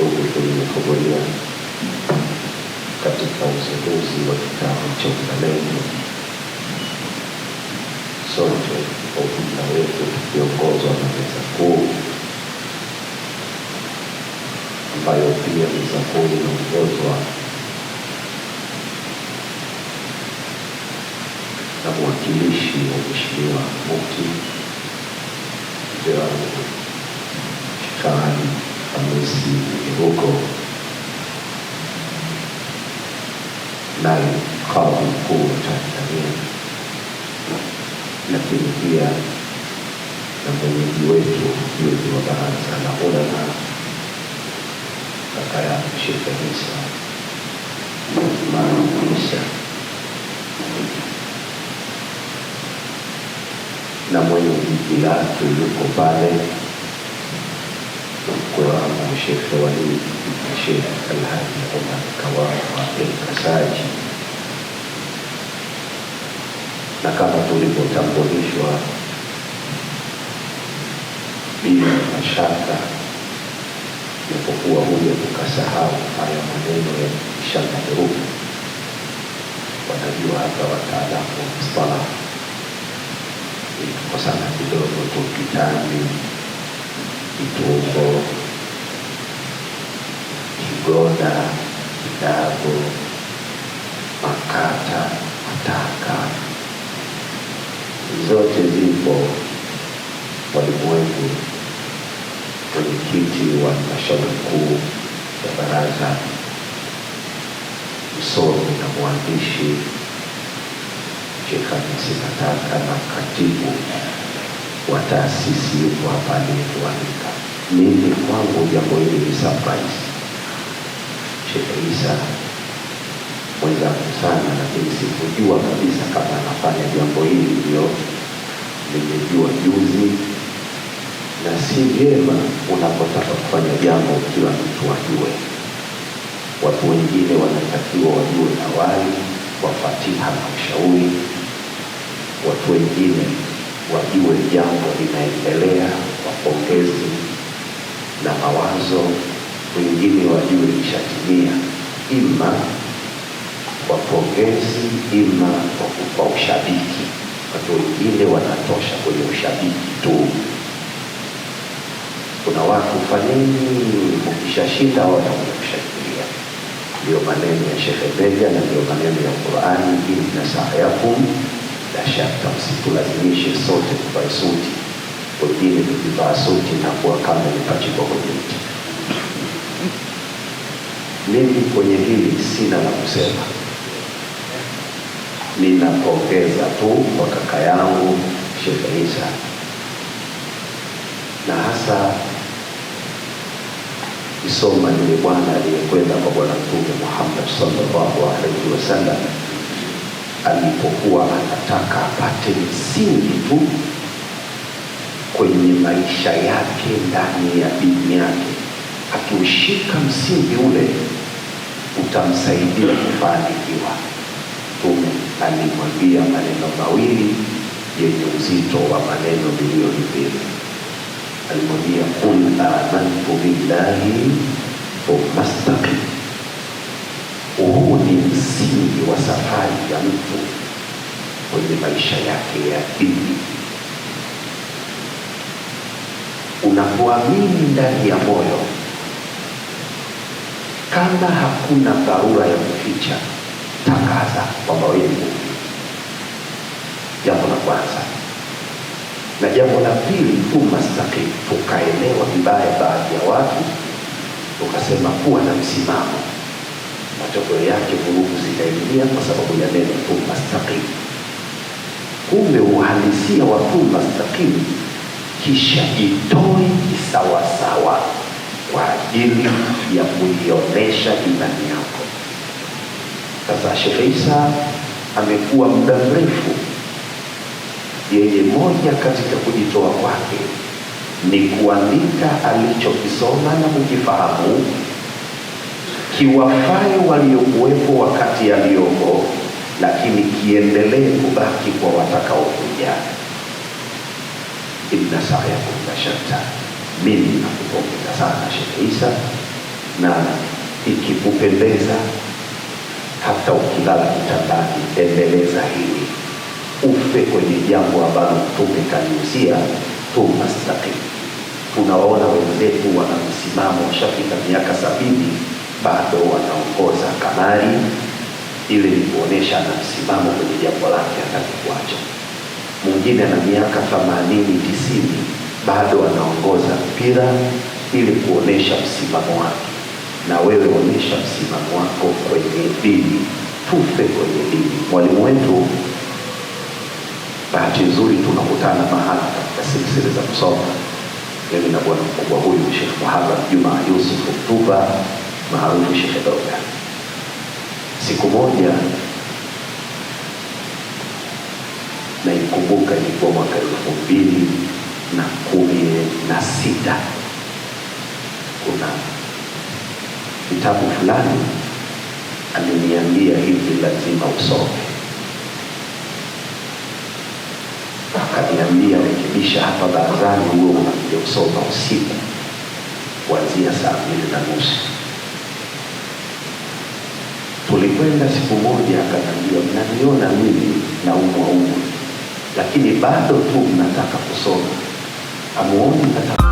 huku tulimekogolia katika uzinduzi wa kikao cha uzalendo sote kwa ujumla wetu tukiongozwa na meza kuu ambayo pia meza kuu inaongozwa na mwakilishi wa Mheshimiwa Mufti Gerald Kikaya uangamizi huko ndani mkao mkuu wa Tanzania, lakini pia na mwenyeji wetu juzi wa baraza la ulama kaka ya Sheikh Isa Othman na mwenye jiji lake yuko pale. ቁርአን Sheikh Walid na Sheikh Alhaji Omar Kawawa El Kasaji, na kama tulivyotambulishwa bila mashaka, japokuwa huyo tukasahau haya maneno ya ishara herufi, wanajua hata wataalamu wa mustalahi, ilikosana kidogo tukitani kitungo kigoda kidago Makata, Mataka zote zipo walimwengu. Mwenyekiti wa halmashauri kuu ya baraza, msomi na mwandishi chekanisi Hamisi na katibu wa taasisi yuko hapa aliyekualika. Mimi kwangu jambo hili ni surprise. Sheikh Issa mwenzangu sana, lakini sikujua kabisa kama anafanya jambo hili, ndio nimejua juzi, na si vyema unapotaka kufanya jambo kila mtu wajue. Watu wengine wanatakiwa wajue awali, wafatiha na ushauri watu wengine wajue jambo linaendelea, wapongezi na mawazo, wengine wajue ishatimia ima kwa pongezi, ima kwa ushabiki. Watu wengine wanatosha kwenye ushabiki tu. Kuna watu fanini, ukishashinda watakushangilia. Ndiyo maneno ya Shehe Beja na ndiyo maneno ya Qurani, inna sa'yakum la shaka msitulazimishe sote kuvae suti, wengine tukivaa suti nakuwa kuwa kama imepachikwa kwenye mti. Mimi kwenye hili sina la kusema, ninapongeza tu kwa kaka yangu Sheikh Isa na hasa Kisoma yule bwana aliyekwenda kwa Bwana Mtume Muhammad sallallahu alaihi wasallam alipokuwa anataka apate msingi tu kwenye maisha yake ndani ya dini yake. Akiushika msingi ule utamsaidia kufanikiwa. Mtume alimwambia maneno mawili yenye uzito wa maneno milioni mbili. Alimwambia, kul amantu billahi thumma istaqim ni msingi wa safari ya mtu kwenye maisha yake ya dini. Unapoamini ndani ya moyo, kama hakuna dharura ya kuficha, tangaza kwamba wewe ni Jambo la kwanza. Na jambo la pili, tumastakimu, tukaelewa vibaya baadhi ya watu, ukasema kuwa na msimamo matokeo yake vurugu zitaingia kwa sababu ya neno thumma mastaqim Kumbe uhalisia wa kul mastaqim kisha itoe kisawasawa kwa ajili ya kuionyesha imani yako. Sasa shefeisa Isa amekuwa muda mrefu, yeye moja katika kujitoa kwake ni kuandika alichokisoma na kukifahamu kiwafae waliokuwepo wakati yaliyoko, lakini kiendelee kubaki kwa watakaokuja. ya Sa'ya kunashata, mimi nakupongeza sana Sheikh Isa, na ikikupendeza hata ukilala kitandani, endeleza hili ufe kwenye jambo ambalo Mtume kaliusia thumma Tunawaona wenzetu wana msimamo, washafika miaka sabini bado wanaongoza kamari, ili ni kuonesha na msimamo kwenye jambo lake, hataki kuacha. Mwingine ana miaka themanini tisini bado anaongoza mpira ili kuonesha msimamo wake. Na wewe onyesha msimamo wako kwenye dini, tufe kwenye dini. Mwalimu wetu, bahati nzuri tunakutana mahala katika silsili za kusoma, mimi na bwana mkubwa huyu Sheikh Muhammad Juma Yusuf Mtuba mahali ulishatoka. Siku moja naikumbuka, ilikuwa mwaka elfu mbili na kumi na sita. Kuna kitabu fulani aliniambia hivi, lazima usome. Akaniambia rekebisha hapa barazani, huo unakuja kusoma usiku kuanzia saa mbili na nusu. Tulikwenda siku moja, akaniambia mnaniona mimi na umwa, lakini bado tu mnataka kusoma, amuoni nataka